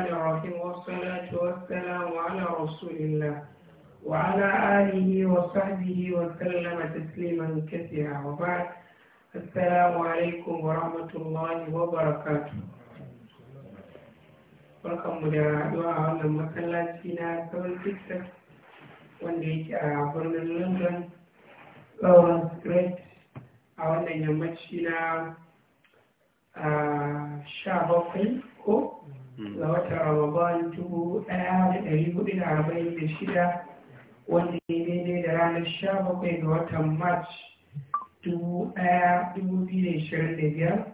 الرحمن الرحيم والصلاة والسلام على رسول الله وعلى آله وصحبه وسلم تسليما كثيرا وبعد السلام عليكم ورحمة الله وبركاته barkan mu da haɗuwa a wannan masallaci na tsawon fita, wanda yake a birnin london tsawon street a wannan yammaci na sha bakwai ko Hmm. ga watan ramadan dubu ɗaya da ɗari hudu da arba'in da shida wanda ya daidai da ranar sha bakwai ga watan march dubu ɗaya dubu biyu da ishirin da biyar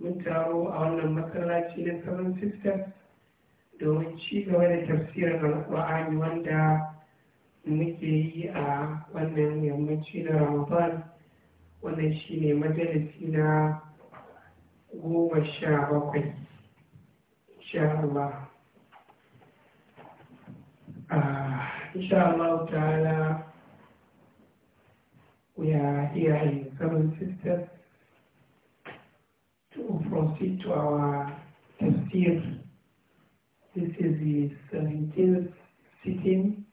mun taro a wannan masallaci na seven sisters domin ci gaba da tafsirin alƙur'ani wanda muke yi a wannan yammaci na ramadan wannan shine majalisi na goma sha bakwai inshallah uh, inshallah ta'ala we are here in seven sisters to proceed to our tafsir this is the 17th sitting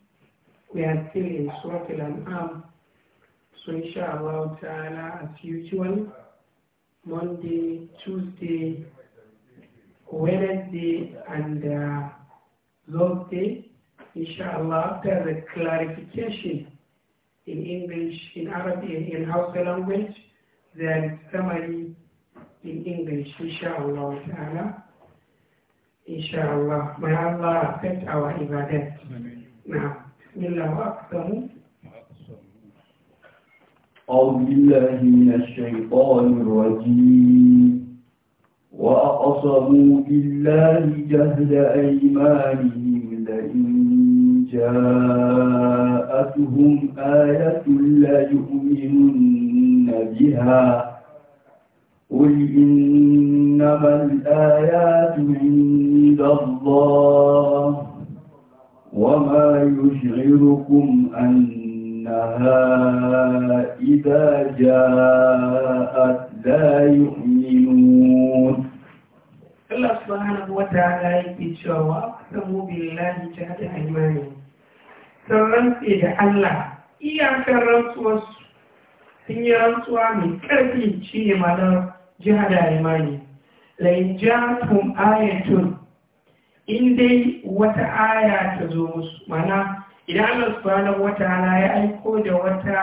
we are still in Surah Al-An'am so inshallah ta'ala as usual Monday, Tuesday, the and uh, Thursday, inshallah, after the clarification in English, in Arabic, in, in language, then summary in English, inshallah ta'ala. Inshallah, may Allah accept our ibadat. Now, Bismillah wa aqsamu. أعوذ بالله من الشيطان الرجيم وأقسموا بالله جهد أيمانهم لئن جاءتهم آية لا يؤمنن بها قل إنما الآيات عند الله وما يشعركم أنها إذا جاءت hatta yu'minun Allah subhanahu wa ta'ala yake cewa wa aqsamu billahi jahada aymanihim sun rantse da Allah iyakar rantsuwarsu sun yi rantsuwa mai ƙarfi shi ne malar jihada imani lain jatun ayatun in dai wata aya ta zo musu mana idan Allah subhanahu wata ala ya aiko da wata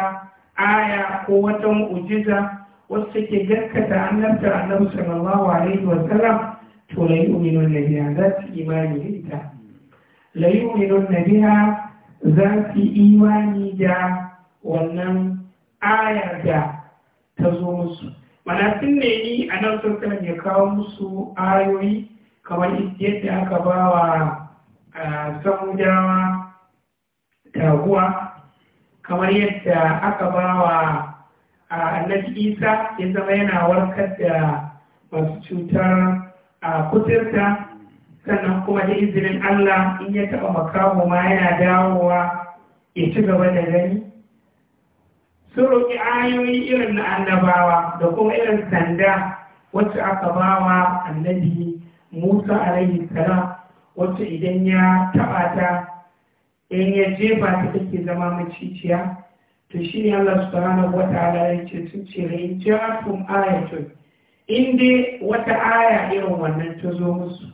aya ko wata mu'ujiza Wasu ke gaskata annabta annabi sallallahu alaihi wa sallam to la yu'minu biya za su imani da ita la yu'minu biya za su imani da wannan ayar da ta zo musu mana sun nemi a nan sun ya kawo musu ayoyi kamar yadda aka ba wa samudawa taguwa kamar yadda aka ba wa annabi isa ya zama yana warkar da masu cutar kuturta sannan kuma da izinin allah in ya taɓa makaho ma yana dawowa ya ci gaba da gani sun roƙi ayoyi irin na annabawa da kuma irin sanda wacce aka bawa annabi musa alaihi salam wacce idan ya taɓa ta in ya jefa ta take zama maciciya to shi ne Allah subhanahu wa ta'ala ya ce su ce rai jafin ayatun in dai wata aya irin wannan ta zo musu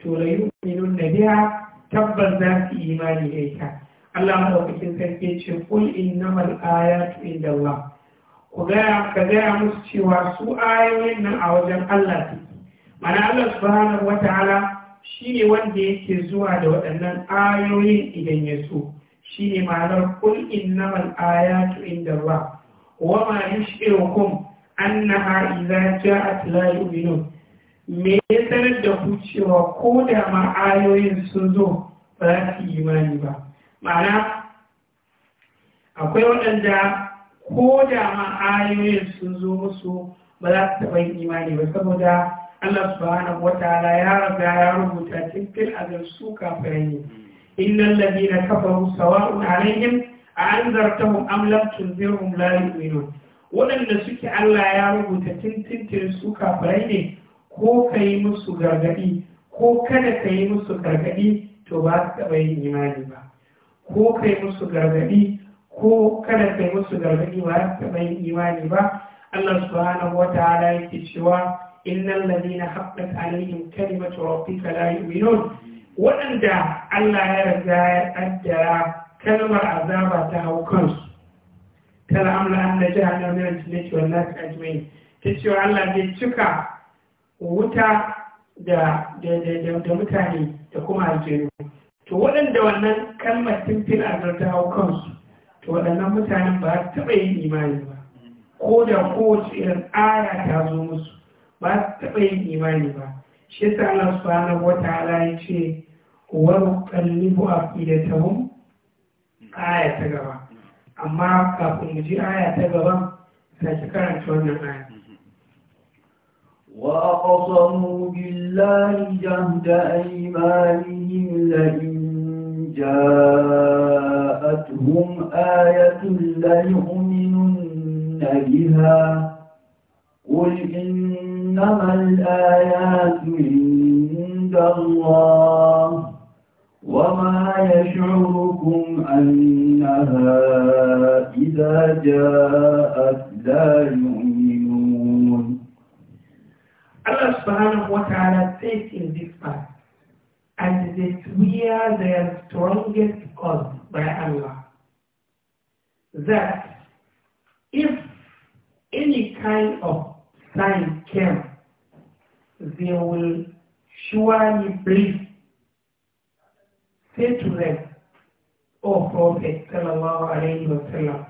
to rayu minun da biya tabbas za su yi imani da ita Allah maɗaukakin sarki ce kul innamal ayatu inda Allah ku gaya ka gaya musu cewa su ayoyin nan a wajen Allah take mana Allah subhanahu shi shine wanda yake zuwa da waɗannan ayoyin idan ya so shi ne ma'anar kul innamal ayatu inda ba wa ma yash'irukum annaha idza ja'at la yu'minun me ya sanar da ku cewa ko da ma ayoyin sun zo ba za su yi imani ba ma'ana akwai waɗanda ko da ma ayoyin sun zo musu ba za su taɓa yin imani ba saboda Allah subhanahu ta'ala ya raga ya rubuta cikin fil su kafin إن الذين كفروا سواء عليهم أأنذرتهم أم لم تنذرهم لا يؤمنون waɗanda suke Allah ya rubuta tintintin su kafirai ne ko ka yi musu gargaɗi ko kada musu gargaɗi to ba su taɓa yin imani ba ko musu gargaɗi ko kada ka musu gargaɗi ba imani ba Allah subhanahu wa ta'ala yake cewa innal ladina haqqat alaihim waɗanda Allah ya riga ya ƙaddara kalmar azaba ta hau kansu ta la'amla an da jihar na miran tilaki na ta ajiye ta cewa Allah zai cika wuta da mutane da kuma aljihu. to waɗanda wannan kalmar tuntun azar ta hau kansu to waɗannan mutanen ba su taɓa yin imani ba ko da kowace irin ara ta zo musu ba su taɓa yin imani ba shi yasa Allah subhanahu wataala ya ce ونقلب أفئدتهم آية تقرأ أما كافر مجي آية تقرأ سأشكرا شوانا آية وأقسموا بالله جهد أيمانهم لئن جاءتهم آية ليؤمنن بها قل إنما الآيات عند الله وما يشعركم أنها إذا جاءت لا يؤمنون Allah subhanahu wa ta'ala says in this verse, and they swear their strongest cause by Allah, that if any kind of sign came, they will surely believe Say to them, O Prophet sallallahu alayhi wa sallam,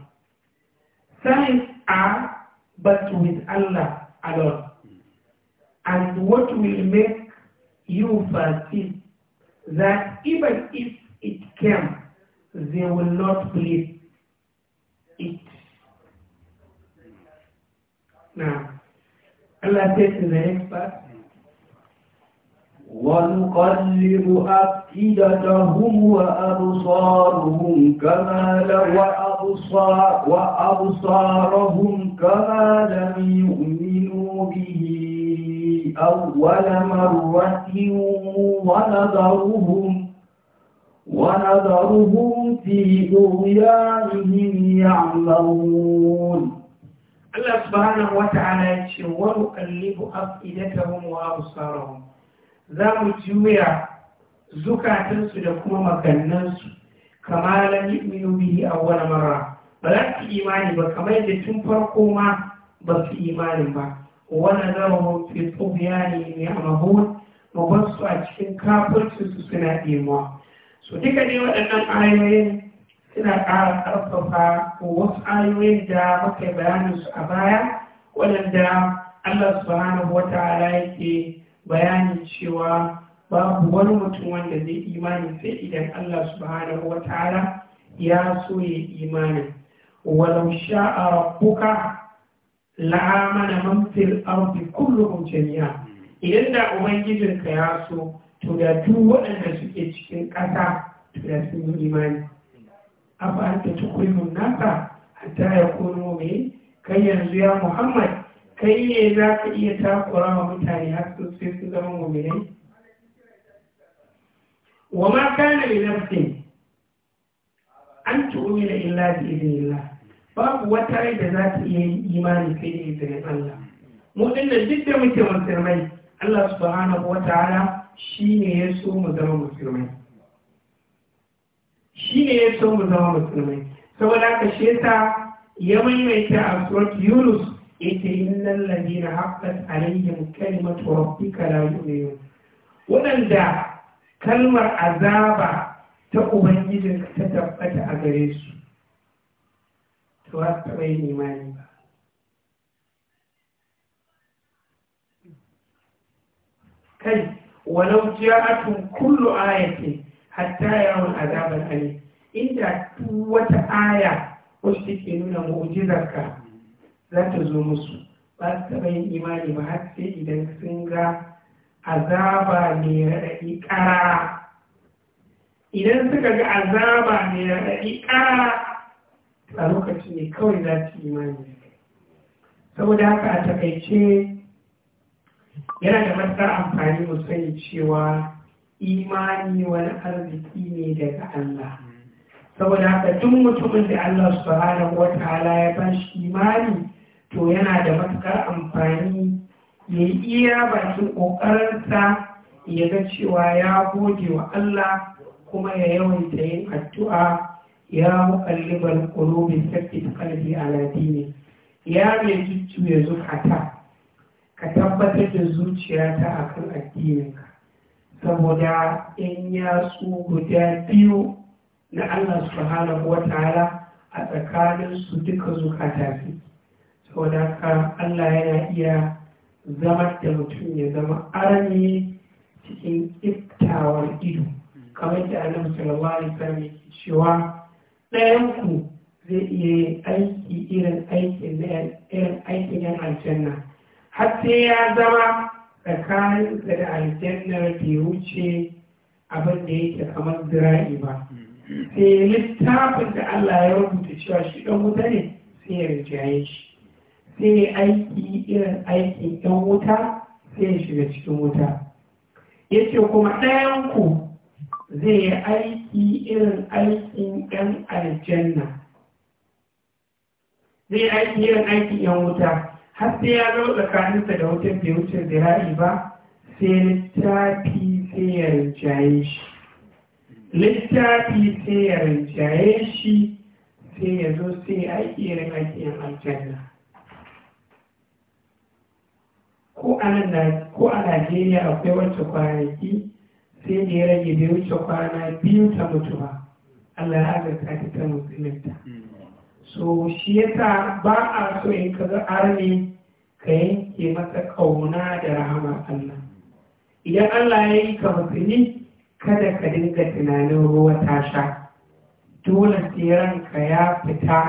signs are but with Allah alone. And what will make you foresee that even if it came, they will not believe it. Now, Allah says to the next verse, ونقلب أفئدتهم وأبصارهم كما لم وأبصارهم كما لم يؤمنوا به أول مرة ونذرهم ونذرهم في طغيانهم يعملون الله سبحانه وتعالى ونقلب أفئدتهم وأبصارهم za mu juya zukatansu da kuma makannansu Kamar lam bihi awwal marra ba za su imani ba kamar da tun farko ma ba su imanin ba zama nazaruhum fi tughyanihim ya'mahun mu bar su a cikin kafircin su suna ɗemuwa so duka ne waɗannan ayoyin suna ƙara ƙarfafa wasu ayoyin da muka bayanin su a baya waɗanda Allah subhanahu wa ta'ala yake bayani cewa babu wani mutum wanda zai imani sai idan Allah subhanahu wa ta'ala ya so ya imani walau sha'a rabbuka la'amana man fil ardi kulluhum jami'a idan da ubangijinka ya so to da duk waɗanda suke cikin ƙasa to da sun yi imani afa ta tukulun nasa hatta kono mai kai yanzu ya Muhammad kai ne za ka iya takura ma mutane har su sai su zama mummunai? wa ma kana li nafsin an tu'mina illa izini illa babu wata rai da za ta iya yi imani ne da izinin Allah mu dinnan duk da muke musulmai Allah subhanahu wataala shine ya so mu zama musulmai shine ya so mu zama musulmai saboda ka shi yasa ya maimaita a surat Yunus yace innal ladina haqqat alaihim kalimatu rabbika la yau, wadanda kalmar azaba ta ubangijin ta tabbata a gare su to ba ta bai imani ba kai walau ja'atun kullu ayatin hatta yawon azabar alim inda wata aya wacce take nuna mu'jizarka za ta zo musu ba su taɓa yin imani ba har sai idan sun ga azaba mai raɗaɗi ƙara idan suka ga azaba mai raɗaɗi ƙara a lokaci ne kawai za su imani saboda haka a takaice yana da matuƙar amfani mu sani cewa imani wani arziki ne daga Allah saboda haka duk mutumin da Allah subhanahu wa ta'ala ya bashi imani to yana da matukar amfani ya iya bakin kokarinsa ya ga cewa ya goge wa Allah kuma ya yawanta yin addu'a ya muƙallibar ƙulubin sarki ta kalbi a ladini ya mai ya zukata ka tabbatar da zuciyata a kan addininka saboda in ya su guda biyu na Allah subhanahu wa ta'ala a tsakaninsu duka zukata biyu saboda haka Allah yana iya zama da mutum ya zama arni cikin iftawar ido kamar da annabi sallallahu alaihi wasallam cewa ɗayanku zai iya yin aiki irin aikin na irin aikin yan aljanna har sai ya zama tsakanin da aljanna da ya wuce abin da yake kamar zira'i ba sai littafin da Allah ya rubuta cewa shi ɗan wuta ne sai ya rinjaye shi sai aiki irin aikin ɗan wuta sai ya shiga cikin wuta ya ce kuma ɗayanku zai yi aiki irin aikin ɗan aljanna zai yi aiki irin aikin ɗan wuta har sai ya zo tsakaninsa da wutar bai wuce zira'i ba sai littafi sai ya rinjaye shi littafi sai ya rinjaye shi sai ya zo sai aiki irin aikin aljanna ko a najeriya akwai wacce kwanaki sai da ya rage bai wuce kwana biyu ta mutu ba allah ya azarta ta ta musulunta so shi yasa ba a so in ka ga arni ka yanke masa kauna da rahama allah idan allah ya yi ka musulmi kada ka dinga tunanin ruwa ta sha dole sai ranka ya fita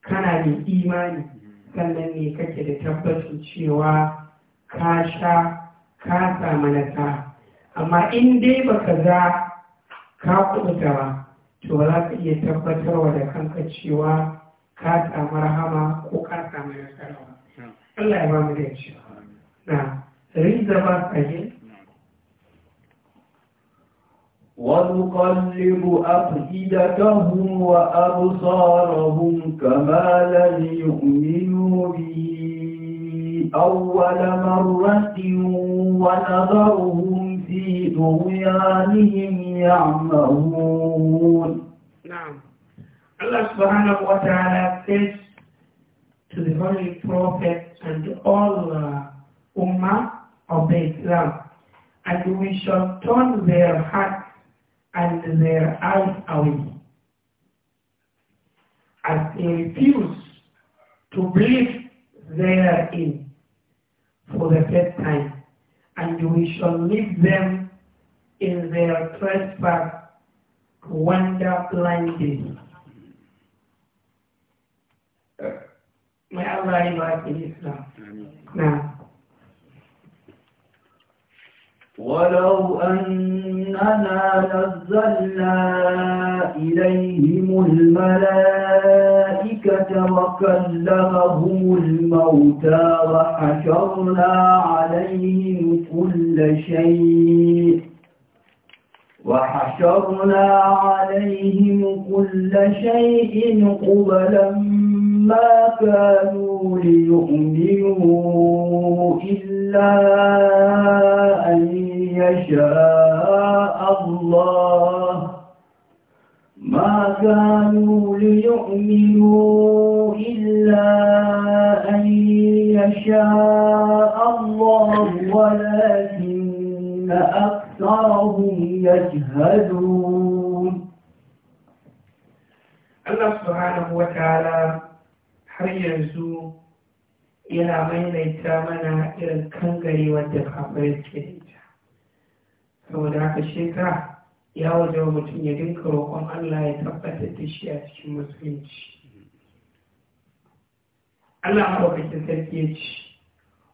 kana da imani sannan ne kake da tabbacin cewa ka sha ka samu nasa amma in dai baka za ka kubuta ba to za ka iya tabbatarwa da kanka cewa ka samu rahama ko ka samu nasara Allah ya ba mu da cewa na rinza ba sahi ونقلب أفئدتهم وأبصارهم كما لم يؤمنوا أول مرة في طغيانهم يعمهون Allah subhanahu wa ta'ala says to the Holy Prophet and all uh, Ummah of the Islam, and we shall turn their hearts and their eyes away. As they refuse to breathe therein for the third time, and we shall leave them in their trespass to wander blindly. Uh, may Allah in Islam. Now, ولو أننا نزلنا إليهم الملائكة وكلمهم الموتى وحشرنا عليهم كل شيء وحشرنا عليهم كل شيء قبلا ما كانوا ليؤمنوا إلا أن يشاء الله ما كانوا ليؤمنوا إلا أن يشاء الله ولكن أكثرهم يجهدون الله سبحانه وتعالى حريا سوء إلى من mana إلى kangare wadda kafirai saboda haka shekara ya waje mutum ya dinka roƙon Allah ya tabbatar da shi a cikin musulunci Allah maɗaukakin sarki ya ce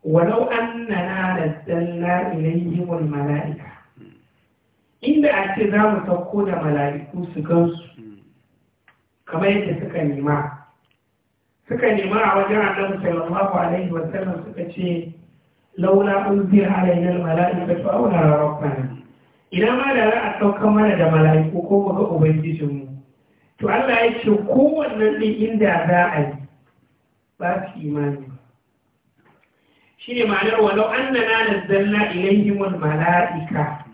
walau annana ilai yiwon mala'ika. inda a ce za mu sauko da mala'iku su gansu kamar yadda suka nema suka nema a wajen annabi sallallahu alaihi wa sallam suka ce laula unzila malaika almalaikatu auna rarrafa nan. idan ma da za a sauka mana da mala'iku ko mu ga ubangijinmu to Allah ya ce wannan ɗin inda za a yi ba su imani shi ne ma'anar walau an na na nazzalna ilayhim mala'ika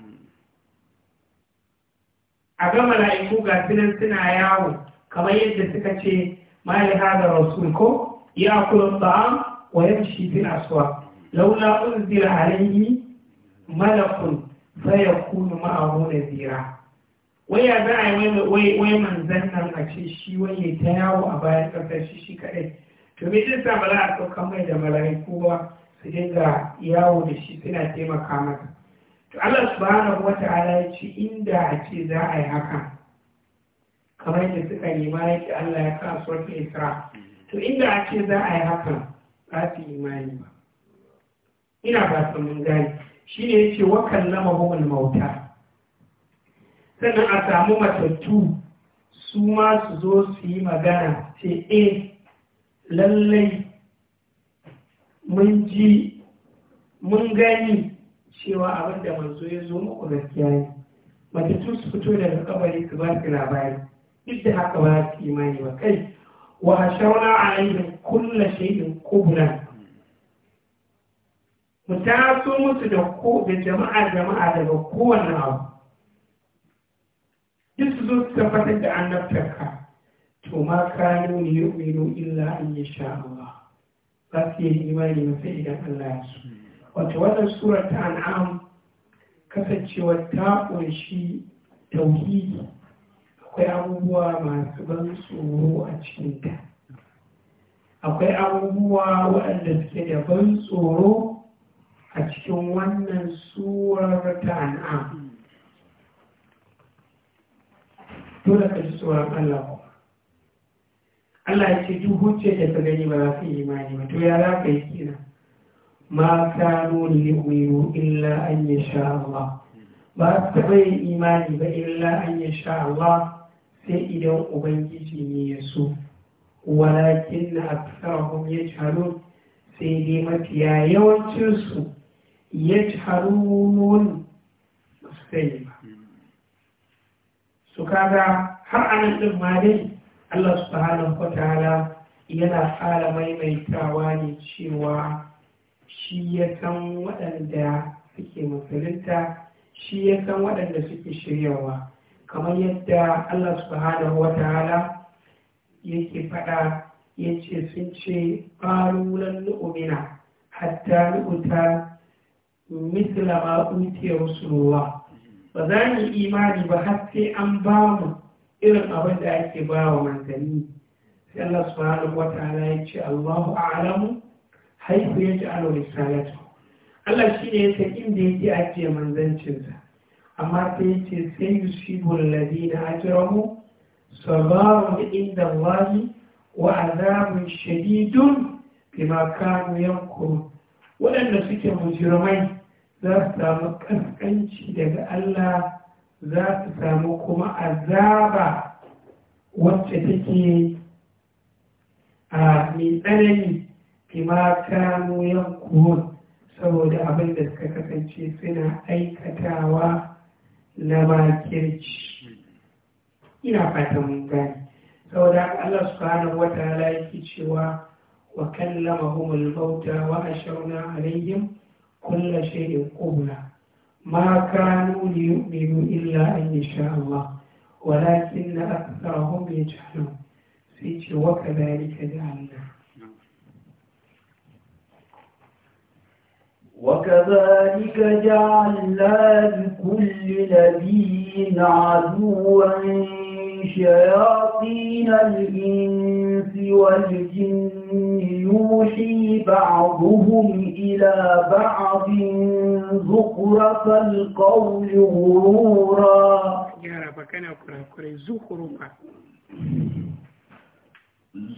a ga mala'iku ga sunan suna yawo kamar yadda suka ce mali hada rasul ko ya kula ta'am wa yamshi fil aswaq laula unzila alayhi malakun zaya kunu ma'ahu da zira wai ya za a yi wai manzan nan a ce shi wai ya ta yawo a bayan ƙasar shi shi kaɗai to me zai sa ba a ɗauka mai da mala'iku ba su dinga yawo da shi suna taimaka masa to Allah subhanahu wata'ala ya ce inda a ce za a yi haka kamar da suka nema ya Allah ya kawo suratul Isra to inda a ce za a yi haka za su yi imani ba ina ba su mun gani Shi ya ce wa kallamahum al-mauta sannan a samu matattu su ma su zo su yi magana ce e lallai mun ji mun gani cewa abin da manzo ya zo muku gaskiya ne matattu su fito daga kabari su ba su labari duk da haka ba su imani ba kai wa hashauna alaihim kullu shay'in qubla ku taso musu da ko da jama'a jama'a daga kowane abu duk su zo su tabbatar da naftarka. to ma kanu ne yu'minu illa an yi Allah za su yi imani masu idan Allah ya so wato wannan sura ta an'am kasancewa ta ƙunshi tauhidi akwai abubuwa masu ban tsoro a cikinta akwai abubuwa waɗanda suke da ban tsoro a cikin wannan suwar ta an'am dole ka ji tsoron Allah ba Allah ya ce duk hujje da ka gani ba za su yi imani ba to ya za ka yi kina ma ne illa an yasha Allah ba su taɓa yin imani ba illa an yasha Allah sai idan ubangiji ne ya so walakin na aksarahum yajhalun sai dai mafiya yawancinsu yajharun sai su kaga har anan din ma dai Allah subhanahu wataala yana fara maimaitawa ne cewa shi ya san waɗanda suke musulunta shi ya san waɗanda suke shiryawa kamar yadda Allah subhanahu wataala yake faɗa ya ce sun ce ƙarulan nu'umina hatta nu'uta misla ma utiya rasulullah ba za mu imani ba har sai an ba mu irin abin da ake ba wa manzanni sai Allah subhanahu wa ya ce Allahu a'lamu haifu ya ji Allah shi ne ya san inda yake ajiye manzancinsa amma sai ya ce sai yusibu alladhina ajramu sabarun inda Allah wa azabun shadidun bima kanu yankurun waɗanda suke mujirmai za su samu kaskanci daga Allah za su samu kuma azaba wacce take a ah, mai tsanani kima kanu kuhun saboda abin da suka kasance suna aikatawa na makirci ina fatan mun gani saboda Allah su fara wata yake cewa wa kallama al a Shauna a alaihim كل شيء قبلا ما كانوا ليؤمنوا إلا أن يشاء الله ولكن أكثرهم يجهلون فيك وكذلك جعلنا وكذلك جعلنا لكل نبي عدوا شياطين الإنس والجن يوحي بعضهم إلى بعض زخرف القول غرورا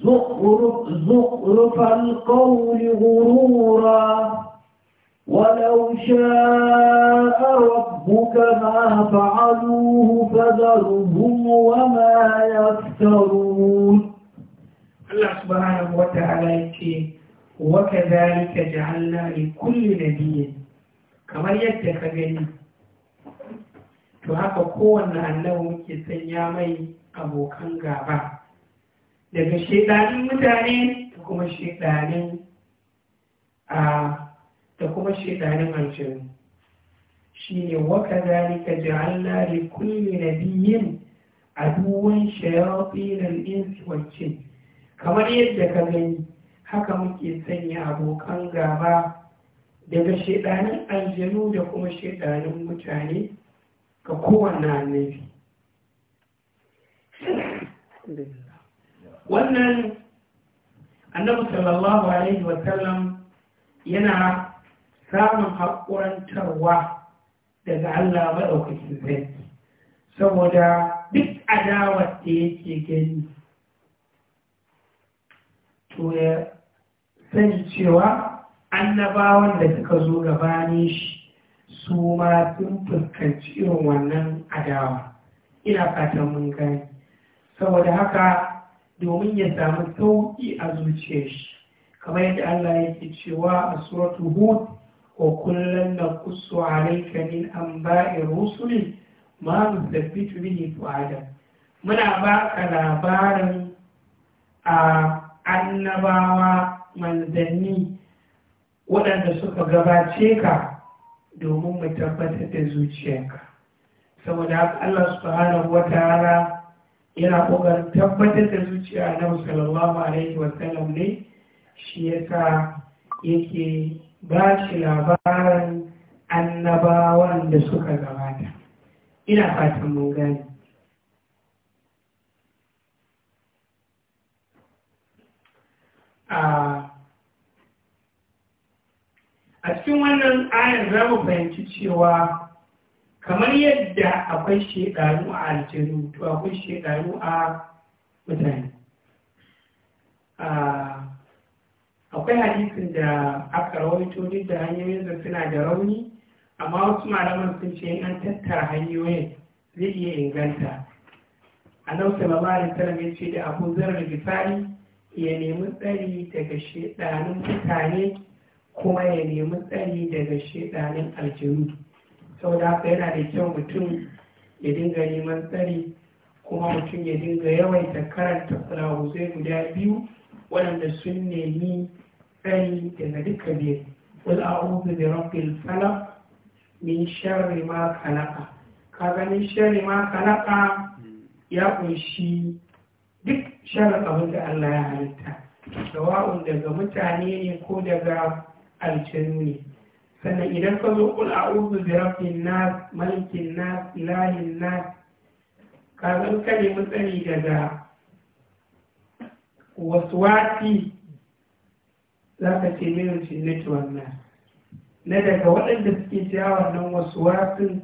زخرف, زخرف القول غرورا ولو شاء ربك ما فعلوه فذرهم وما يفترون الله سبحانه وتعالى وكذلك جعلنا لكل kamar yadda ka gani to haka kowanne annabi muke sanya mai abokan gaba daga shedanin mutane da kuma shedanin a da kuma shekarun aljanu shi ne waka zalika ja'alna li kulli nabiyyin aduwan shayatin al kamar yadda ka gani haka muke sanya abokan gaba daga shekarun aljanu da kuma shekarun mutane ga kowanne annabi wannan annabi sallallahu alaihi wasallam yana samun haƙurantarwa daga Allah maɗaukacin zai saboda duk adawar da yake gani to ya sani cewa annabawan da suka zo gabanin shi su ma sun fuskanci irin wannan adawa ina fatan mun gani saboda haka domin ya samu sauƙi a zuciyar shi kamar yadda Allah yake cewa a suratu hud وكلا نقص عليك من أنباء الرسل ما نثبت به فؤادك muna baka labarin a annabawa manzanni waɗanda suka gabace ka domin mu tabbatar da zuciyarka saboda haka Allah subhanahu wata ta'ala yana ƙoƙarin tabbatar da zuciya na sallallahu alaihi wa sallam ne shi yasa yake ba shi labarin annabawan da suka gabata ina fatan mun gani a cikin wannan ayar za mu fahimci cewa kamar yadda akwai shekaru a aljihu to akwai shekaru a mutane akwai hadisin da aka rawaito duk da hanyoyin da suna da rauni amma wasu malaman sun ce in an tattara hanyoyin zai iya inganta A sallallahu alaihi wasallam ya ce da Abu zarar Gifari ya nemi tsari daga shedanin mutane kuma ya nemi tsari daga shedanin Sau saboda haka yana da kyau mutum ya dinga neman tsari kuma mutum ya dinga yawaita karanta kulawu zai guda biyu waɗanda sun nemi sai daga duka biyu wal a'udhu bi rabbil falaq min sharri ma khalaqa kaga min sharri ma khalaqa ya ƙunshi duk sharri abin da Allah ya halitta sawa'un daga mutane ne ko daga aljanu ne sannan idan ka zo kul a'udhu bi rabbin nas malikin nas ilahin nas ka zan ka nemi tsari daga waswasi za ka ce mirin cinnati wannan na daga waɗanda suke ciya wannan wasu wasu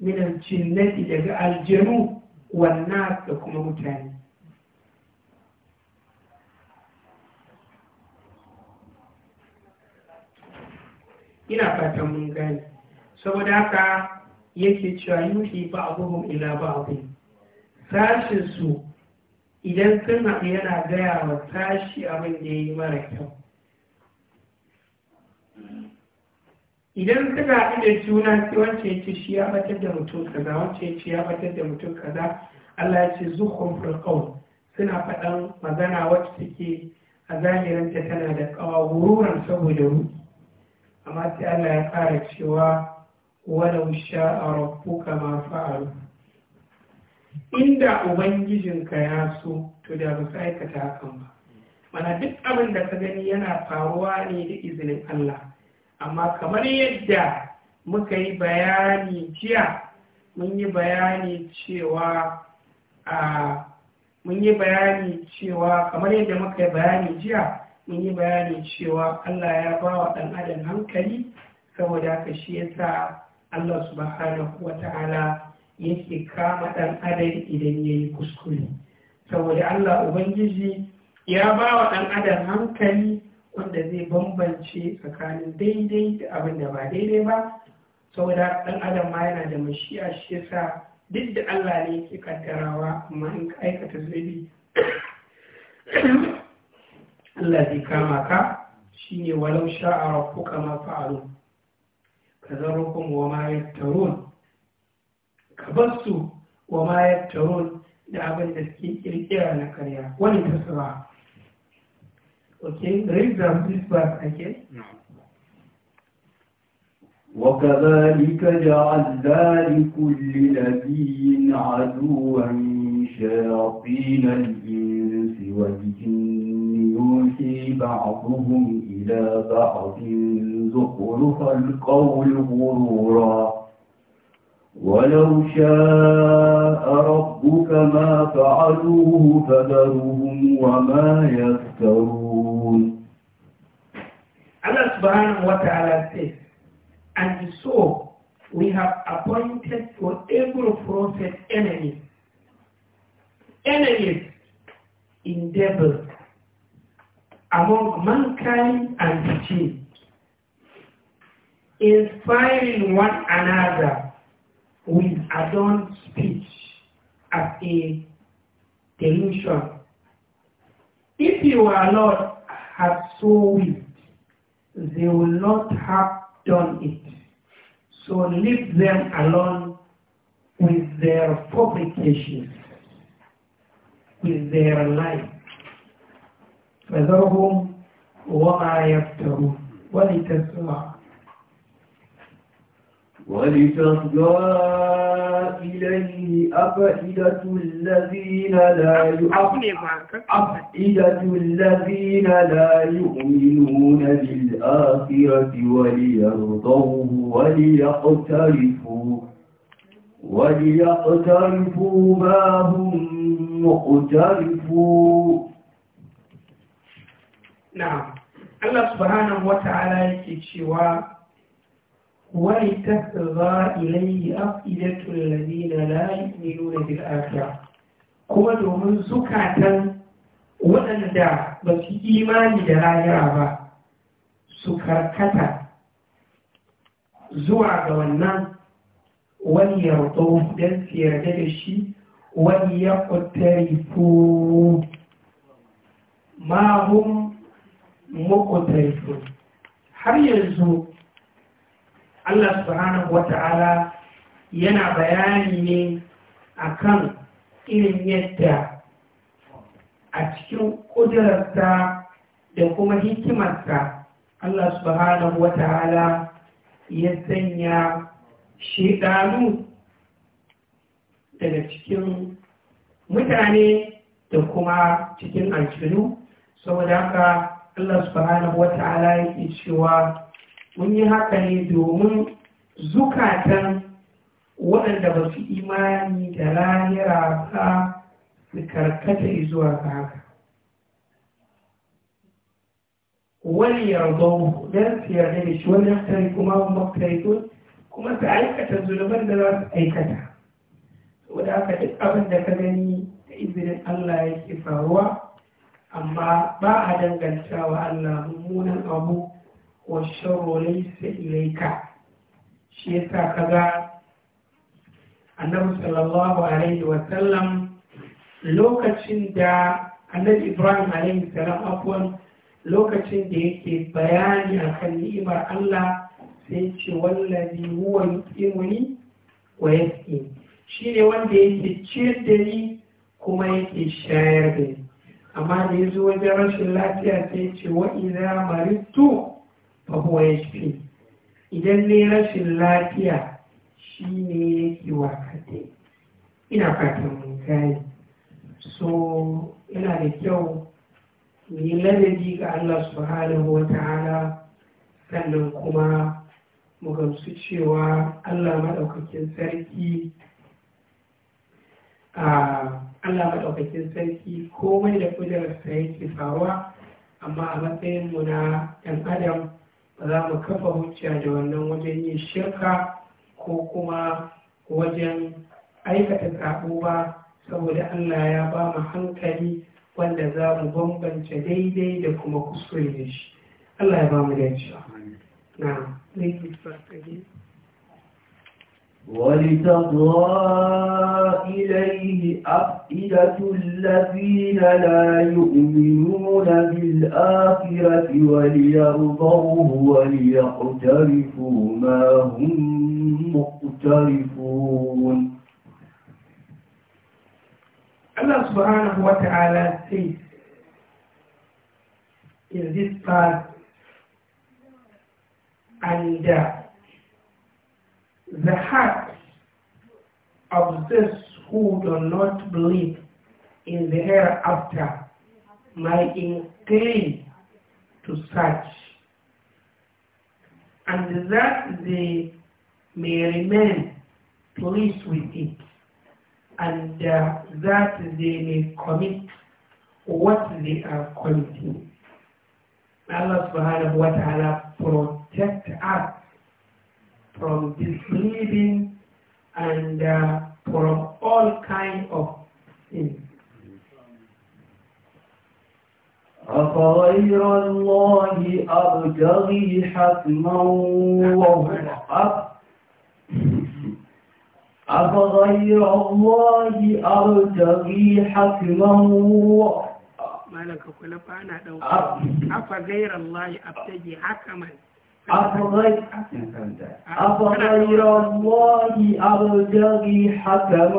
minan cinnati daga aljanu wannan da kuma mutane ina fatan mun gani saboda haka yake cewa yuhi ba abubuwan ila ba abu sashin su idan sun haɗu yana gaya wa sashi abin da ya yi mara kyau idan ka haɗu da juna ce wance ya ce shi ya batar da mutum kaza wance ya ce ya batar da mutum kaza Allah ya ce zuhun firqaun suna faɗan magana wacce take a ta tana da kawa wuraren saboda mu. amma sai Allah ya ƙara cewa walau sha'a rabbuka ma fa'alu inda ubangijinka ya so to da ba su aikata hakan ba mana duk abin da ka gani yana faruwa ne da izinin Allah amma kamar yadda muka yi bayani jiya mun yi bayani cewa a mun yi bayani cewa kamar yadda muka yi bayani jiya mun yi bayani cewa Allah ya ba wa ɗan adam hankali saboda haka shi ya sa Allah subhanahu wa ta'ala yake kama ɗan adam idan ya yi kuskure saboda Allah Ubangiji ya ba wa ɗan adam hankali wanda zai bambance tsakanin daidai da abin da ba daidai ba saboda ɗan adam ma yana da mashi'a shi yasa duk da Allah ne ke kaddarawa amma in ka aikata zubi Allah zai kama ka ne walau kama rabbuka ka fa'alu kuma wa ma bar su wa ma tarun da abin da suke kirkira na karya wani tasirawa نعم. وكذلك جعلنا لكل نبي عدوا شياطين الإنس والجن يوحي بعضهم إلى بعض زخرف القول غرورا ولو شاء ربك ما فعلوه فذرهم وما يفترون Allah subhanahu wa ta'ala says, And so we have appointed for every prophet enemies, enemies in devil among mankind and jinn, inspiring one another with adorned speech as a delusion. If your Lord had so weak they will not have done it. So leave them alone with their fabrications, with their lies. فذرهم وما يفترون ولتسمع ولتصدى إليه أفئدة الذين لا أفئدة الذين لا يؤمنون بالآخرة وليرضوه وليقترفوا وليقترفوا ما هم مقترفون نعم الله سبحانه وتعالى يكتشف ولتفضى إليه أفئدة الذين لا يؤمنون بالآخرة كما دومن زكاة وأندى بس إيمان دلائرة با سكركتا زوع قوانا وليرضوه دل في ردلشي وليقترفوا ما هم مقترفون har yanzu Allah subhanahu ta'ala yana bayani ne a kan irin yadda a cikin ƙudurarsa da kuma hikimarsa Allah subhanahu ta'ala ya sanya shidanu daga cikin mutane da kuma cikin aljinu saboda haka Allah subhanahu ya yake cewa mun yi haka ne domin zukatan waɗanda ba su imani da lahira ba su karkata zuwa ga haka wani yarda don su yarda da shi wani tare kuma makaraitun kuma su aikata zulubar da za su aikata saboda haka duk abin da ka gani da izinin Allah yake faruwa amma ba a dangantawa Allah mummunan abu wa shi yasa kaga annabi sallallahu alaihi wa sallam lokacin da annabi ibrahim alaihi salam afwan lokacin da yake bayani akan ni'imar Allah sai ce wallazi huwa yuqimuni wa yasqi shine wanda yake ciyar da ni kuma yake shayar da ni amma da yazo wajen rashin lafiya sai ce wa idza maridtu fahuwa ya fi idan ne rashin lafiya shi ne yake wakate ina fatan mun so yana da kyau mu yi ladabi ga Allah subhanahu wa ta'ala sannan kuma mu gamsu cewa Allah maɗaukakin sarki Allah maɗaukakin sarki komai da kudararsa yake faruwa amma a matsayin mu na ɗan adam za mu kafa hujja da wannan wajen yin shirka ko kuma wajen aikata sabo ba saboda Allah ya ba mu hankali wanda za mu bambance daidai da kuma kuskure shi Allah ya ba mu yanci na ولتضوى إليه أفئدة الذين لا يؤمنون بالآخرة وليرضوه وليقترفوا ما هم مقترفون الله سبحانه وتعالى في says in this the heart of those who do not believe in the hereafter may incline to such, and that they may remain pleased with it, and uh, that they may commit what they are committing. Allah subhanahu wa ta'ala protect us from disbelieving and uh, from all kinds of sins. أفغير الله أبتغي حكما وهو حق أفغير الله أبتغي حكما مالك كل فانا أفغير الله أبتغي حكما أفغير أفغير الله أبتغي حكما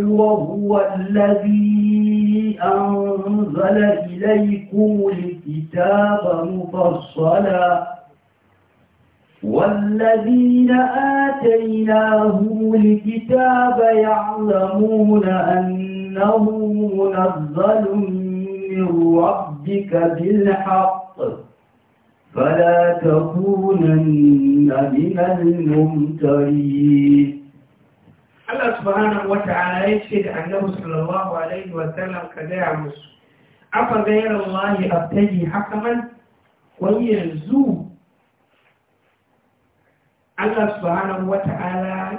وهو الذي أنزل إليكم الكتاب مفصلا والذين آتيناهم الكتاب يعلمون أنه منزل من ربك بالحق فلا تكونن من الممترين Allah subhanahu wa ta'ala ya ce da annabi sallallahu alaihi wa sallam ka gaya musu afa gairar Allahi abtaji hakaman wani yanzu Allah subhanahu wa ta'ala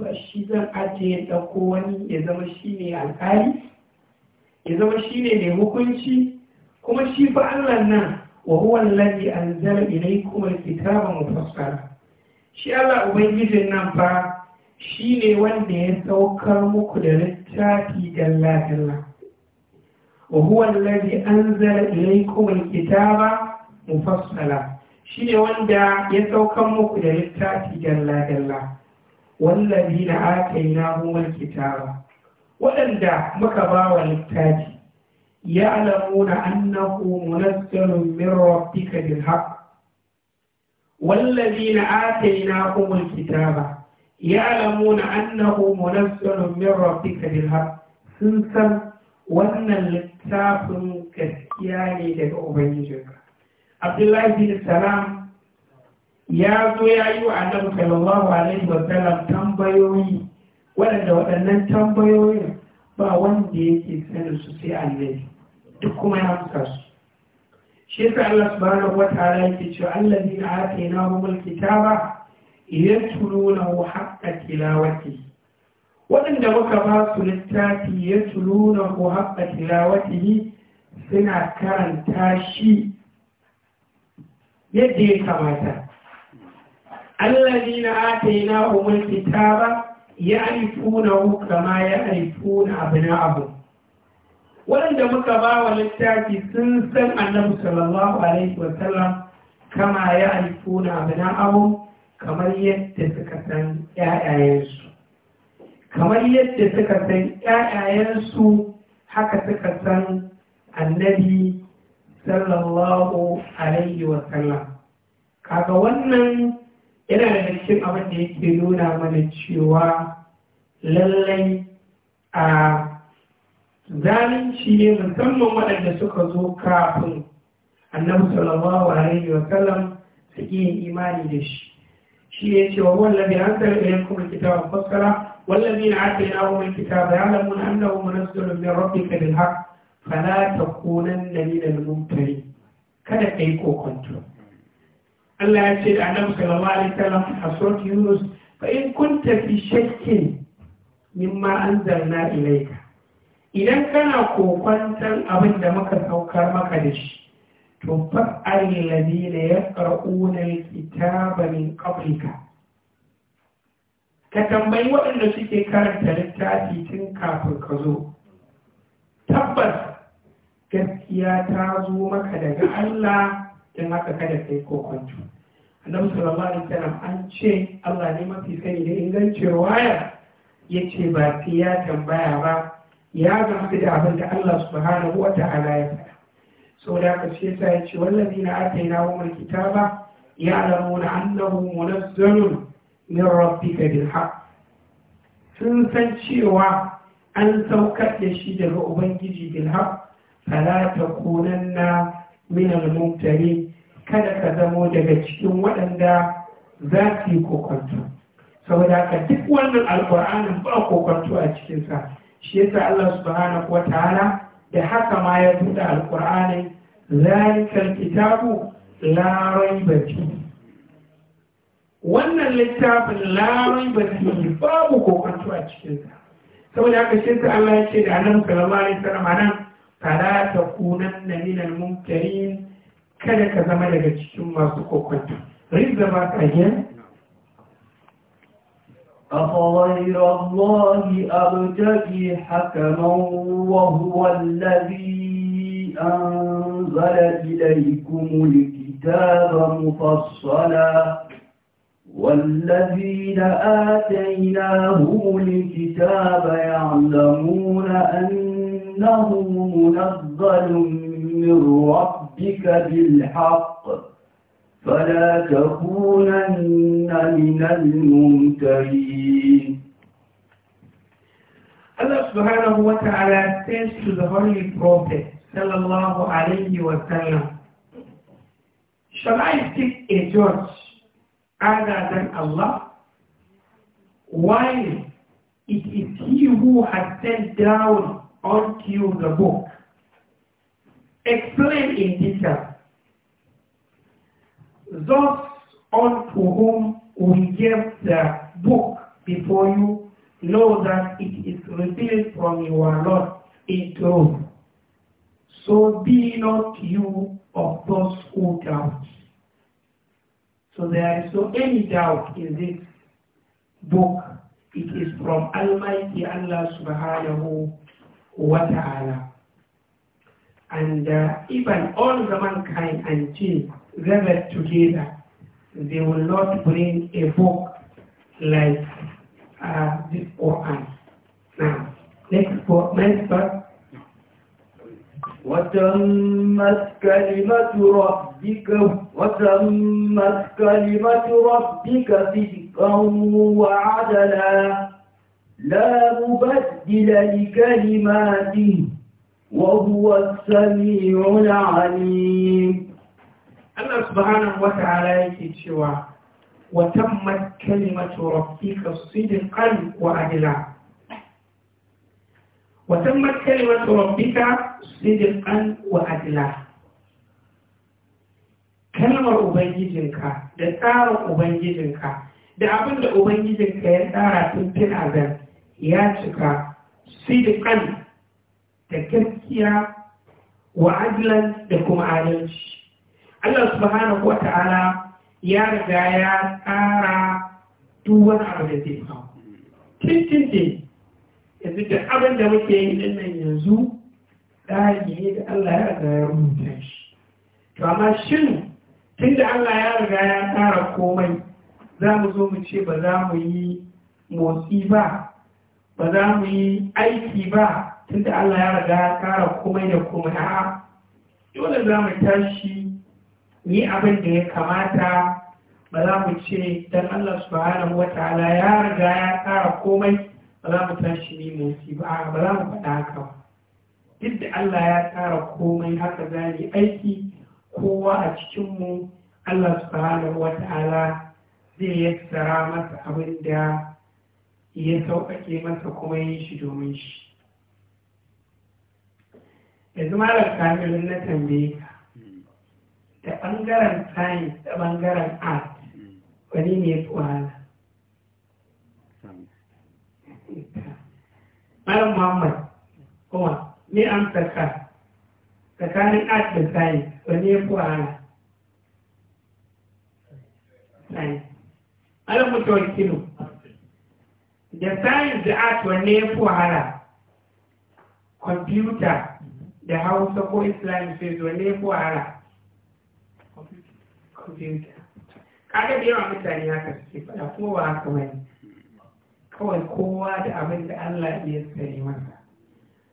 ba shi zan ajiye ɗauko wani ya zama shi ne alƙali ya zama shi ne mai hukunci kuma shi ba Allah nan وهو الذي أنزل إليكم الكتاب مفصلا shi Ubangijin nan fa shi ne wanda ya saukar muku da littafi dalla-dalla. Wa huwa allazi anzala ilaykum al Shi ne wanda ya saukar muku da littafi dalla-dalla. Wallazi na atainahum al-kitaba. Waɗanda muka ba wa littafi يعلمون أنه منزل من ربك بالحق والذين آتيناهم الكتاب يعلمون أنه منزل من ربك بالحق سنسا وأن الكتاب كسياني جنك عبد الله بن السلام يا zo ya yi wa annabi sallallahu alaihi wa sallam tambayoyi waɗanda waɗannan فأوان ديكي سنسوسي yake sanin duk kuma ya amsa su shi yasa Allah subhanahu wataala yake cewa allazina atainahum alkitaba yatlunahu haqqa tilawati Wadanda muka ba su littafi yatlunahu haqqa tilawatihi suna karanta shi yadda ya kamata allazina atainahum alkitaba ya'rifunahu kama ya'rifuna abna'ahum waɗanda muka ba wa littafi sun san annabi sallallahu alaihi wasallam kama ya alifuna abina'ahu kamar yadda suka san ‘ya'yayensu kamar yadda suka san ‘ya'yayensu haka suka san annabi sallallahu alaihi wasallam kaga wannan yana da cikin abin da yake nuna mana cewa lallai a zalunci ne musamman waɗanda suka zo kafin annabi sallallahu alaihi wa sallam su imani da shi shi ya cewa wa wallabi an zara ilan kuma kitabun fassara wallabi na ake na wani kitabu ya lamun annahu munasirun min rabbika bil ta fala takunanna ni da mumtari kada yi kokonto Allah ya ce da annabi sallallahu alaihi wa sallam a surat yunus fa in kunta fi shakkin mimma anzalna ilaika. idan kana kokwantar abin da muka saukar maka da shi to alladhi la yaqra'una al-kitaba min qablika ka tambayi waɗanda suke karanta littafi tun kafin ka zo tabbas gaskiya ta zo maka daga Allah don haka kada kai kokwanto annabi sallallahu alaihi wasallam an ce Allah ne mafi sani da ingancin waya yace ba sai ya tambaya ba ya zama da abin da Allah subhanahu wa ta'ala ya faɗa sau da ce sa ya ce wallazi na aka yi kitaba ya alamu na annahu munazzalun min rabbika bil haqq sun san cewa an saukar da shi daga ubangiji bil haqq fala takunanna min al mumtari kada ka zamo daga cikin waɗanda za su yi kokonto saboda ka duk wannan alƙur'anin ba kokonto a cikinsa shi yasa Allah subhanahu wa ta'ala da haka ma ya buɗe alƙur'ani zalikal kitabu la raiba wannan littafin la raiba babu kokonto a cikin sa saboda haka shi yasa Allah ya ce da annabi sallallahu mana wasallam kunan fala takunanna minal mumtarin kada ka zama daga cikin masu kokonto rizza ba ka gina. أفغير الله أبتكي حكما وهو الذي أنزل إليكم الكتاب مفصلا والذين آتيناهم الكتاب يعلمون أنه منزل من ربك بالحق فلا تكونن من الممترين Allah subhanahu wa ta'ala says to the Holy Prophet sallallahu alayhi wa sallam, Shall I seek a judge other than Allah? While it is He who has sent down unto you the book. Explain in detail those unto whom we gave the book before you know that it is revealed from your Lord in truth. So be not you of those who doubt. So there is no any doubt in this book. It is from Almighty Allah subhanahu wa ta'ala and uh, even all the mankind and jinn gathered together, they will not bring a book like uh, this Quran. Now, next for next وتمت كلمة ربك وتمت كلمة ربك صدقا وعدلا لا مبدل لكلماته وهو السميع العليم الله سبحانه وتعالى يكتشوا وتمت كلمة ربك صدقا وعدلا وتمت كلمة ربك صدقا وعدلا kalmar ubangijinka da tsarin ubangijinka da abin da ubangijinka ya tsara tun tun ya cika sidikan da gaskiya wa ajilan da kuma adalci Allah subhanahu wa ta'ala ya riga ya tsara duwan abu da zai faru tintin ne yanzu da abin da muke yi nan yanzu ɗari ne da Allah ya riga ya rubuta shi to amma shin tun da Allah ya riga ya tsara komai za mu zo mu ce ba za mu yi motsi ba ba za mu yi aiki ba tunda Allah ya riga ya tsara komai da komai a dole za mu tashi yi abin da ya kamata ba za mu ce dan Allah subhanahu wa ta'ala ya riga ya tsara komai ba za mu tashi mu motsi ba ba za mu faɗa ka ba duk Allah ya tsara komai haka za mu aiki kowa a cikin mu Allah subhanahu wa ta'ala zai yassara masa abin da ya sauƙaƙe masa kuma yi shi domin shi yanzu malam kamilun na tambaye ka da ɓangaren science da ɓangaren art wani ne ya fi wahala malam muhammad kuma ne an tsaka tsakanin art da science wani ya fi wahala science malam mutuwar kino da science da art wani ya fi wahala kwamfuta da hausa ko islami sai zole ko ara da yawa mutane haka suke fada kuma ba haka mai kawai kowa da abin da Allah ya sani masa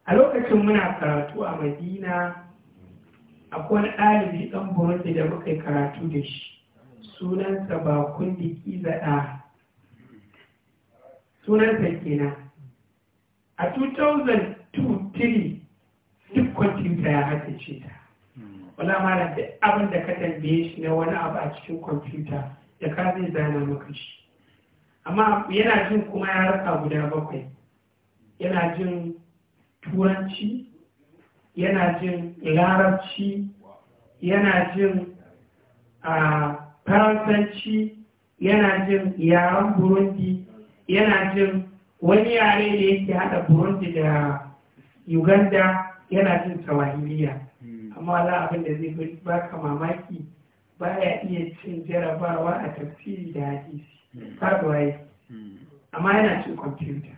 a lokacin muna karatu a madina akwai wani ɗalibi ɗan da muka yi karatu da shi sunansa ba kundi kizaɗa sunansa kenan a 2002 duk kwamfuta ya ce ta wala malam da abin da ka tambaye shi na wani abu a cikin kwamfuta da ka zai zana maka shi amma yana jin kuma ya rasa guda bakwai yana jin turanci yana jin larabci yana jin faransanci yana jin yaren burundi yana jin wani yare da yake hada burundi da uganda yana jin tawahiliya hmm. amma wala abin da zai baka mamaki baya iya cin jarabawa a tafsiri da hadisi faruwaye hmm. hmm. amma yana cin kwamfuta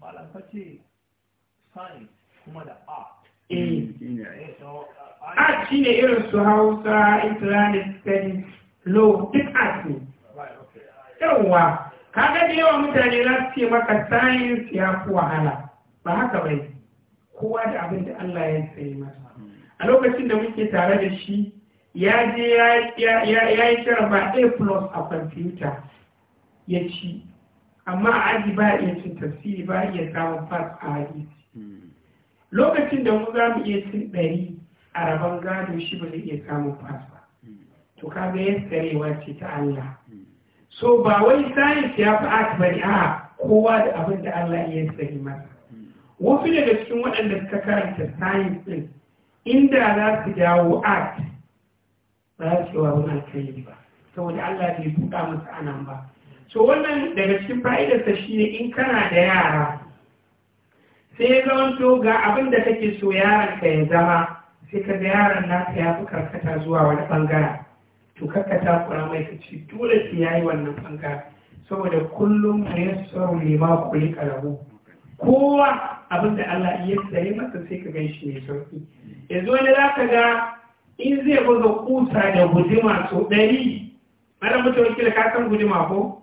malafaci science kuma da art art eh. shi ne eh, uh, irin su hausa islamic study law duk art ne yawwa kaga da yawa mutane za su ce maka science ya fi wahala ba haka bai kowa da abin da Allah ya tsaye masa a lokacin da muke tare da shi ya je ya yi jaraba a plus a kwamfuta ya ci amma a aji ba iya cin tafsiri ba iya samun fas a hadisi lokacin da mu za mu iya cin ɗari a rabon gado shi ba zai iya samun fas ba to kaga tsarewa ce ta Allah so ba wai science ya fi art a kowa da abin da Allah ya tsari masa wasu daga cikin waɗanda suka karanta science ɗin inda za su dawo art ba su wa wani alkhairi ba saboda Allah bai buɗa musu anan ba so wannan daga cikin fa'idarsa shi ne in kana da yara sai ya to ga abin da kake so yaron ka ya zama sai ka ga yaran naka ya fi karkata zuwa wani bangare to karkata kura mai ka ce dole sai yayi wannan bangare saboda kullum a yassaru lima kulika lahu kowa abin da Allah ya tsaye masa sai ka ganshi mai sauki yanzu wani za ka ga in zai buga kusa da guduma sau ɗari mara mutum wakil ka san guduma ko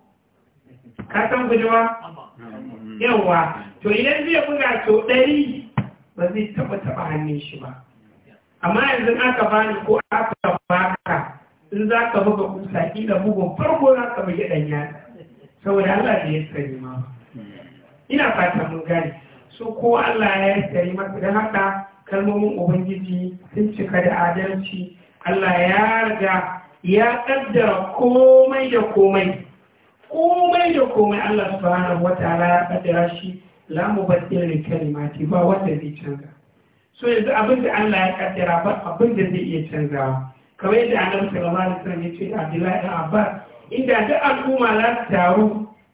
ka san guduma yawa to idan zai buga sau ɗari ba zai taɓa taɓa hannun shi ba amma yanzu aka bani ko aka baka in za ka buga kusa ila bugun farko za ka bugi ɗanya saboda Allah da ya sani ma ba ina fatan mun gane so ko Allah ya yassari masa da haka kalmomin ubangiji sun cika da adalci Allah ya riga ya kaddara komai da komai komai da komai Allah subhanahu wataala ya kaddara shi la mubaddil ne kalimati ba wanda zai canza so yanzu abin da Allah ya kaddara ba abin da zai iya canzawa kamar yadda Annabi sallallahu alaihi wasallam ya ce Abdullahi ibn Abbas inda duk al'umma za su taru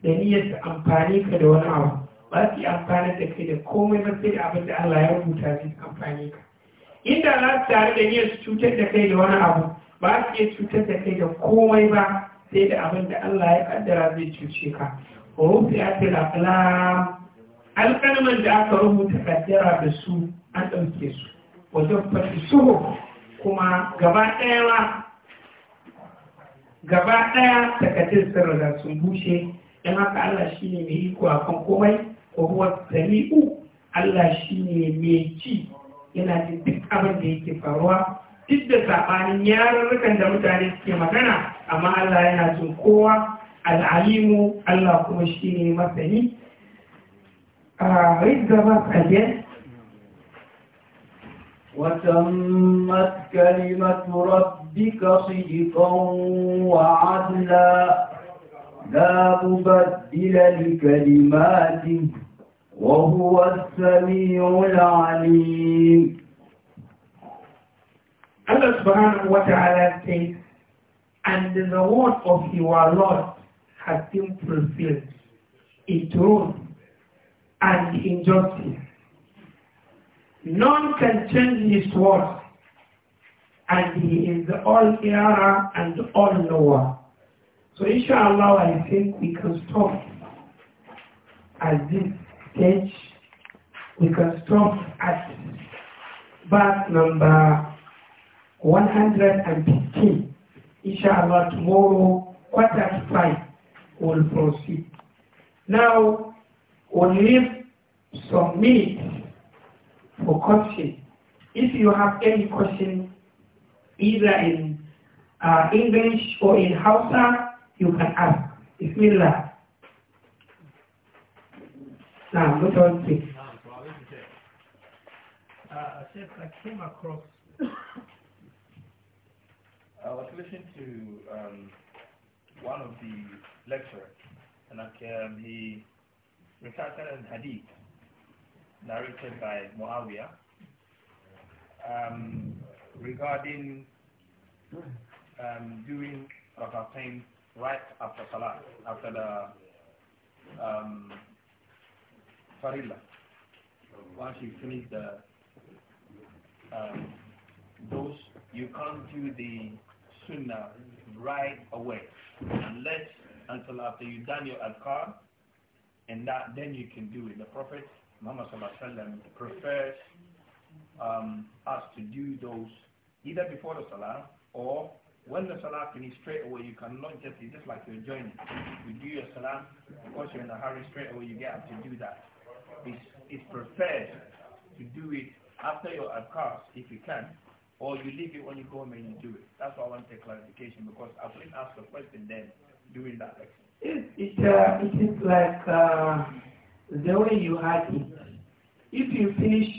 da niyyar amfani ka da wani abu ba su yi amfani da kai da komai ba sai da abin da Allah ya rubuta zai amfani ka inda za su tare da niyyar su cutar da kai da wani abu ba su iya cutar da kai da komai ba sai da abin da Allah ya kaddara zai cuce ka rufi a tilafila alƙalman da aka rubuta kaddara da su an ɗauke su wajen fasu suhu kuma gaba ɗaya ma gaba ɗaya takardun sun sun bushe don haka Allah shi ne mai iko a kan komai ko huwa sami'u Allah shine mai ci yana jin duk abin da yake faruwa duk da sabanin yarurrukan da mutane suke magana amma Allah yana jin kowa al'alimu Allah kuma shine masani a rizaba again وتمت كلمة ربك صدقا وعدلا لا مبدل لكلماته وهو السميع العليم Allah subhanahu wa ta'ala says, And the word of your Lord has been fulfilled in truth and in justice. None can change his word, and he is the all-hearer and all-knower. So inshallah, I think we can stop at this stage. We can stop at verse number 115. Inshallah, tomorrow, quarter to five, we'll proceed. Now, we'll leave some minutes for question. If you have any question, either in uh, English or in Hausa, you can ask. Bismillah. Now, which one Uh, I came across, I was listening to um, one of the lecturers, and um, he recited a hadith narrated by Muawiyah um, regarding um, doing of things right after Salah, after the um, Farilla. Once you finish the um, those, you can't do the Sunnah right away unless until after you've done your Adkar and that then you can do it. The Prophet Muhammad prefers um, us to do those either before the Salah or when the salah finishes straight away, you cannot just, it's just like you join it. You do your salah, because you're in a hurry, straight away you get up to do that. It's, it's preferred to do it after your adkars, if you can, or you leave it when you go home and you do it. That's why I want a clarification, because I couldn't ask a question then doing that lecture. It, it, uh, it is like uh, the way you had it. If you finish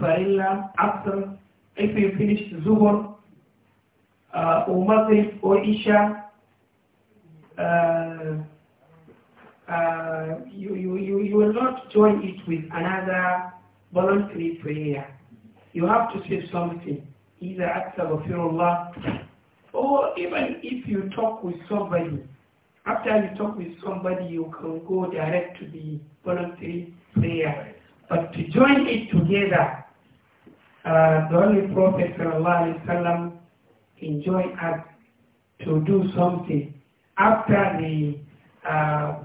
Farilla after, if you finish Zuhur uh, or Maghrib or Isha, uh, uh, you, you, you, you will not join it with another voluntary prayer. You have to say something, either Allah, or even if you talk with somebody, after you talk with somebody, you can go direct to the voluntary prayer. But to join it together, uh, the Holy Prophet sallam, Enjoy us to do something after the uh,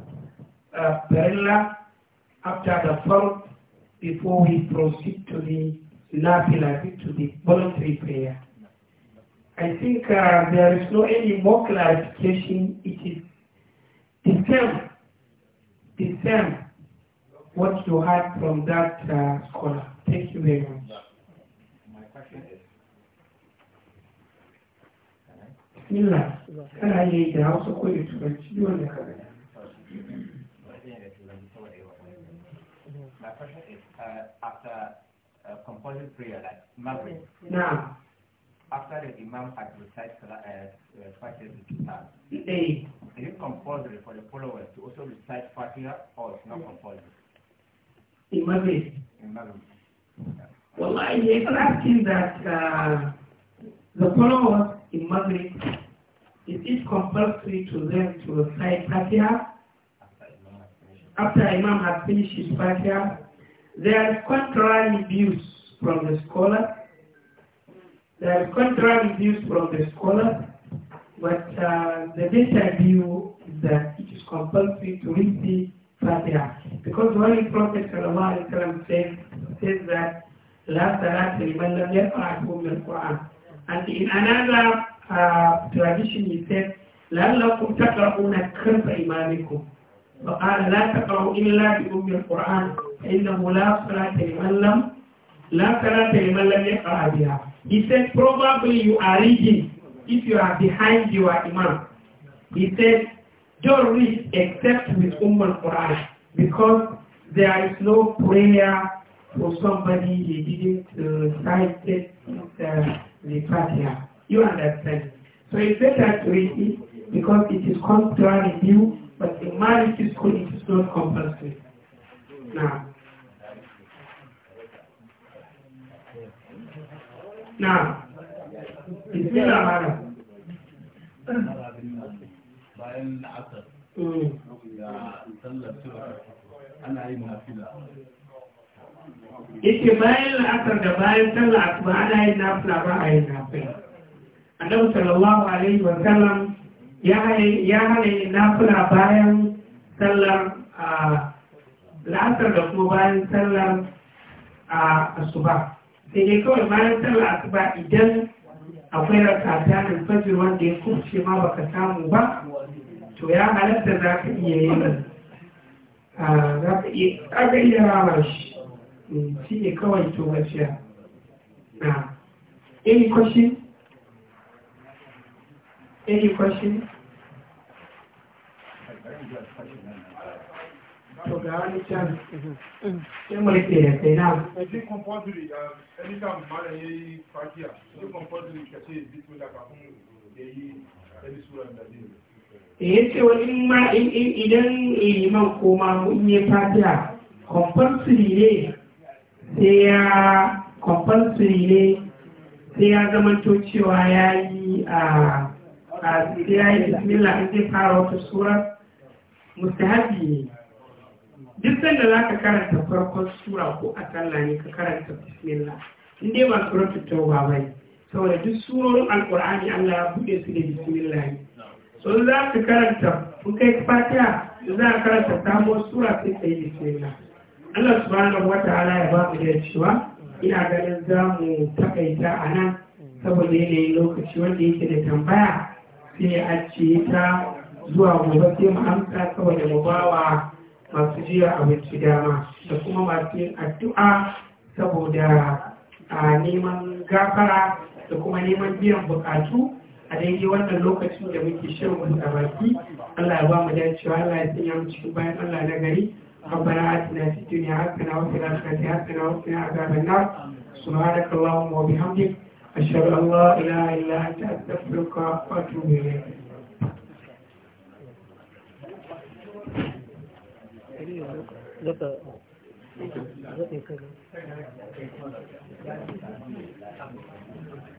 uh, perilla, after the fard, before we proceed to the nafila, to the voluntary prayer. I think uh, there is no any more clarification. It is the same, the same what you had from that uh, scholar. Thank you very much. illa kana yi da hausa ko da turanci duk wanda ka gada prayer like Maghrib. Now, after eh. the Imam had recited uh, Fatiha to Kitab, is it compulsory for the followers to also recite Fatiha or it's not compulsory? In Maghrib. In Maghrib. Well, I, if asking that uh, the followers in Maghrib, it is compulsory to them to recite Fatiha after Imam has finished his Fatiha. There are contrary views from the scholar. There are contrary views from the scholar, but uh, the better view is that it is compulsory to recite the Fatiha. Because the Holy Prophet says, says that, لا صلاة لمن لم يقرأ من القرآن and in another uh, tradition, he said, لعلكم تقرؤون خلف إمامكم فقال لا تقرأوا إلا بأم القرآن فإنه لا صلاة لمن لم لا صلاة لمن لم يقرأ بها. He said, probably you are reading if you are behind your imam. He said, don't read except with Umm al-Quran because there is no prayer for somebody he didn't uh, cite it. Uh, the You understand? So it's better to read it because it is contrary view, but in marriage school it is not compulsory. Now, now, Bismillah, madam. yake bayan la'asar da bayan sallah asuba ana yin nafila ba a yin nafila annabi sallallahu alaihi wa ya hana yin nafila bayan a la'asar da kuma bayan a asuba sai dai kawai bayan sallar asuba idan akwai raka ta fajir wanda ya kufce ma baka samu ba to ya halatta za ka iya yin za ka iya ramar shi shi ne kawai to na ah. any question any question da ya ce wani ma idan iliman koma in yi fatiya compulsory ne sai ya compulsory ne sai ya zamanto cewa ya yi a sai ya yi bismillah in zai fara wata sura mustahabi ne duk sanda za ka karanta farkon sura ko a sallah ne ka karanta bismillah in dai ba suratul tauba ba ne saboda duk surorin alkur'ani Allah ya buɗe su da bismillah ne so za ka karanta kun kai fatiha za ka karanta samuwar sura sai ka yi bismillah Allah subhanahu ala ya ba mu da cewa ina ganin za mu takaita a nan saboda yanayin lokaci wanda yake da tambaya sai a ce ta zuwa gobe sai mu amsa saboda mu ba wa masu jiya abinci dama da kuma masu yin addu'a saboda a neman gafara da kuma neman biyan bukatu a daidai wannan lokacin da muke shirin wani baki Allah ya ba mu da cewa Allah ya sanya mu cikin bayan Allah na gari ربنا آتنا في الدنيا حسنة وفي الآخرة حسنة وقنا عذاب النار سبحانك اللهم وبحمدك أشهد أن لا إله إلا أنت أستغفرك وأتوب إليك Thank you.